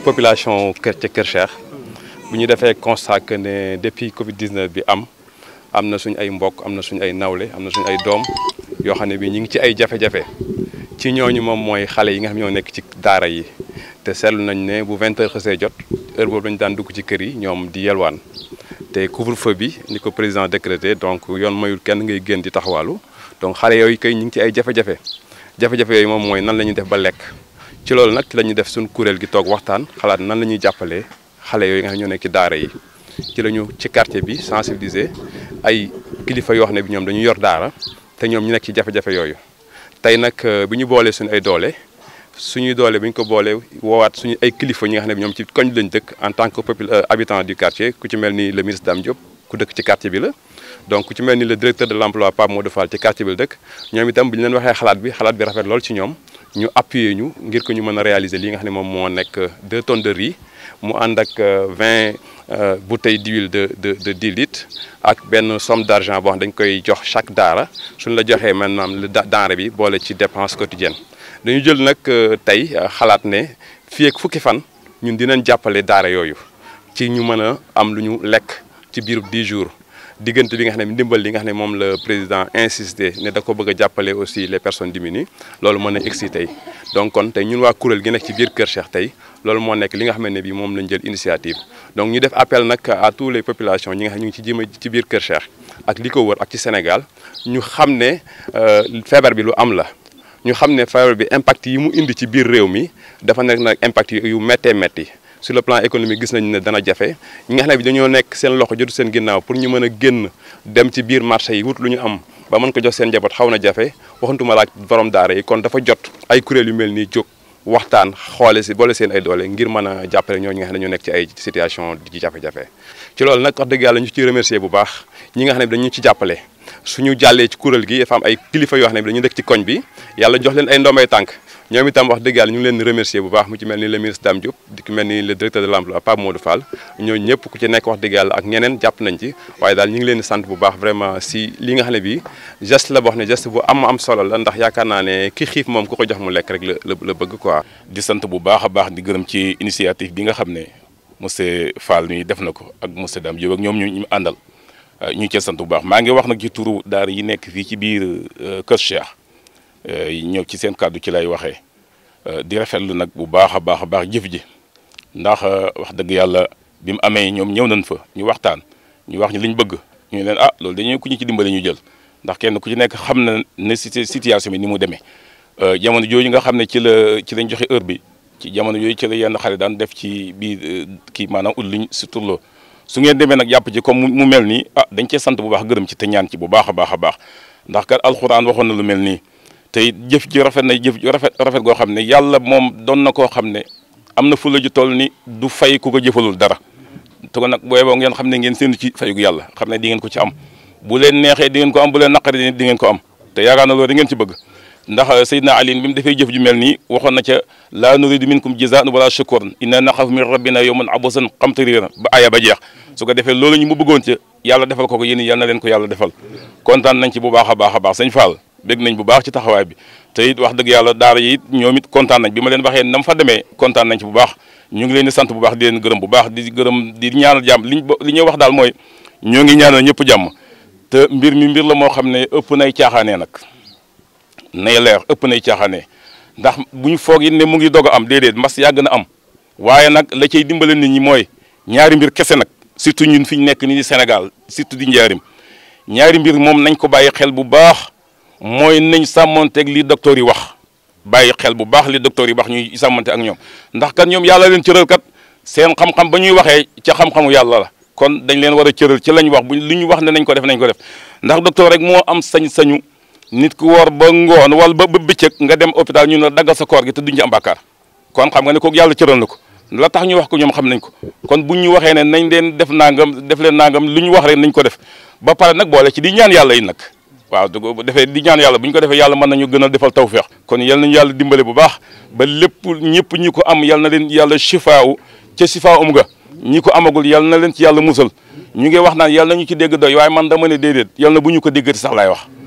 population kër ca Kër Cheikh bu ñu defee constat que ne depuis Covid 19 bi am am na suñ ay mbokk am na suñ ay nawle am na suñ ay doom yoo xam ne bii ci ay jafe-jafe ci ñooñu mom moy xalé yi nga xam ñoo nekk ci daara yi té seetlu nañ né bu 20 h xasee jot heure boobu lañu daan dugg ci kër yi ñom di yelwaan té couvre-feu bi ni ko président décrété donc yoon mayul kenn ngay génn di taxawaalu donc xalé yoy kay ñing ci ay jafé jafé jafé jafé yooyu mom moy nan lañu def ba lekk. ci loolu nag ci la ñuy def suñ kuréel gi toog waxtaan xalaat nan la ñuy jàppalee xale yooyu nga xam ñoo nekk ci daara yi ci la ñu ci quartier bi sensibiliser ay kilifa yoo xam ne bi ñoom dañu yor daara te ñoom ñu nekk ci jafe yooyu tey nag euh, bi ñu boolee suñu ay doole suñuy doole bu ñu ko boolee woowaat suñu ay kilifa ñi nga xam ne bi ñoom ci koñ lañ dëkk en tant que popul euh, habitant du quartier ku ci mel ni le ministre Dame Diop ku dëkk ci quartier bi la donc ku ci mel ni le directeur de l' emploi Pape leen waxee xalaat bi xalaat bi rafet lool ci ñoom Nous appuyons nous, ngir ko ñu réaliser tonnes de riz 20 euh, euh, bouteilles d'huile de de litres avec une somme d'argent boo nous dañ chaque dara suñ la dépenses quotidiennes. le avons bi ci dépense quotidienne dañu jël nous euh, nous xalaat ne fii ak fukki fan ñun nous avons jours diggante bi nga xamné ndimbal li nga xamné mom le président insisté né da ko bëgg jappalé aussi les personnes diminuées loolu mo né excité donc kon tey ñun wa kuréel gi nek ci biir Kër Cheikh tay loolu mo nek li nga xamné ne bi moom lañ jël initiative donc ñu def appel nak à tous les populations ñi nga xam ñu ci jima ci biir Kër Cheikh ak liko wër ak ci Sénégal ñu xamné euh fièvre bi lu am la ñu xamné fièvre bi impact yi mu indi ci biir réew mi dafa nek nak impact yu méttee metti sur le plan économique gis nañu ne dana jafe ñi nga xam ne bi dañoo nekk seen loxo jotu seen ginnaaw pour ñu mën a génn dem ci biir marché yi wut lu ñu am ba mën ko jox seen njaboot xaw na jafe waxantuma laaj borom daara yi kon dafa jot ay kuréel yu mel nii jóg waxtaan xoole si boole seen ay doole ngir mën a jàppale ñooñu nga xam ne dañoo nekk ci ay situation di jafe-jafe ci loolu nag wax dëgg yàlla ñu ciy remercier bu baax ñi nga xam ne dañu ci jàppale suñu jàllee ci kuréel gi dafa am ay kilifa yoo xam ne dañu dëkk ci koñ bi yàlla jox leen tànk ñoom itam wax dëgg ñu ngi leen remercier bu baax mu ci mel ni le ministre Dame Diop di ku mel ni le directeur de l'emploi Pape Modou Fall ñëpp ku ci nekk wax dëgg ak ñeneen jàpp nañ ci waaye daal ñu ngi leen di bu baax vraiment si li nga xam ne bii geste la boo xam ne geste bu am am solo la yaakaar naa ki xiif moom ku ko jox mu lekk rek la la bëgg quoi di bu baax a baax di gërëm ci initiative bi nga xam ne monsieur Fall mi def na ko ak monsieur Dame Diop ak ñoom ñu àndal euh, ñu cee sant bu baax maa ngi wax nag ci turu daar yi nekk fii ci biir euh, Kër Cheikh Euh, ñëw ci seen kàddu ci lay waxee euh, di rafetlu nag bu baax a baax a baax jëf ji ndax euh, wax dëgg yàlla bi mu amee ñoom ñëw nañ fa ñu waxtaan ñu wax ñu liñ bëgg ñu leen a ah, loolu dañuy ku ñu ci dimbale ñu jël ndax kenn ku ci nekk xam na ne situation bi ni mu demee jamono jooju nga xam ne ci la ci lañ joxe heure bi ci jamono yooyu ci la yenn xale daan def ci biir ki maanaam ut luñ si turloo su ngeen demee nag yàpp ci comme mu mel ni a ah, dañ cee sant bu baax gërëm ci te ñaan ci bu baax a baax a baax ndax kat waxoon na lu mel nii te jëf ji rafet na jëf rafet rafet goo xam ne yàlla moom doon na koo xam ne am na fulla ju toll ni du fey ko ko jëfalul dara te nag booy boo ngeen xam ne ngeen séntu ci fayu yàlla xam ne di ngeen ko ci am bu leen neexee di ngeen ko am bu leen naqaree di ngeen ko am te yaakaar na loolu di ngeen ci bëgg ndax uh, Seydina Ali bi mu defee jëf ju mel nii waxoon na ca laa nuridu minkum jazaan wala shukuran inna naxaafu min rabbina yawman abusan qamtarira ba aya ba jeex su ko defee loolu ñu mu bëggoon ca yàlla defal ko ko yéen yàlla leen ko yàlla defal kontaan nañ ci bu baax a baax a baax sëñ Fall bégg nañ bu baax ci taxawaay bi te it wax dëgg yàlla daara yi it ñoom it kontaan nañ bi ma leen waxee nam fa deme kontaan nañ ci bu baax ñu ngi leen di sant bu baax di leen gërëm bu baax di gërëm di ñaanal jàmm liñ li ñuy wax daal mooy ñoo ngi ñaanal ñëpp jàmm te mbir mi mbir la moo xam ne ëpp nay caaxaanee nag nay leer ëpp nay caaxaanee ndax bu ñu foog it ne mu ngi dog a am déedéet mbas yàgg na am waaye nag la ciy dimbale nit ñi mooy ñaari mbir kese nag surtout ñun fi ñu nekk nii Sénégal surtout di njaarim ñaari moom nañ ko bàyyi xel bu baax mooy nañ sàmmonteeg li docteur yi wax bàyyi xel bu baax li docteur yi wax ñuy sàmmante ak ñoom ndax kat ñoom yàlla leen cëral kat seen xam-xam ba ñuy waxee ca xam-xamu yàlla la kon dañ leen war a cëral ci lañ wax bu li ñu wax ne nañ ko def nañ ko def ndax docteur rek moo am sañ-sañu nit ku woor ba ngoon wala ba ba bëccëg nga dem hôpital ñu ne daggal sa koor gi te duñ ci am bàkkaar kon xam nga ne kooku yàlla cëral na ko la tax ñu wax ko ñoom xam nañ ko kon buñ ñu waxee ne nañ leen def nangam def leen nangam lu ñu wax rek nañ ko def ba pare nag boole ci di ñaan yàlla yi nag waaw du ko defee di ñaan yàlla bu ñu ko defee yàlla mën nañu gën a defal tawféex kon yal nañu yàlla dimbale bu baax ba lépp ñëpp ñi ko am yal na leen yàlla sifaawu ca sifaa um ga ñi ko amagul yal na leen ci yàlla musal ñu ngee wax naan yal na ñu ci dégg doy waaye man dama ne déedéet yal na bu ñu ko déggati sax laay wax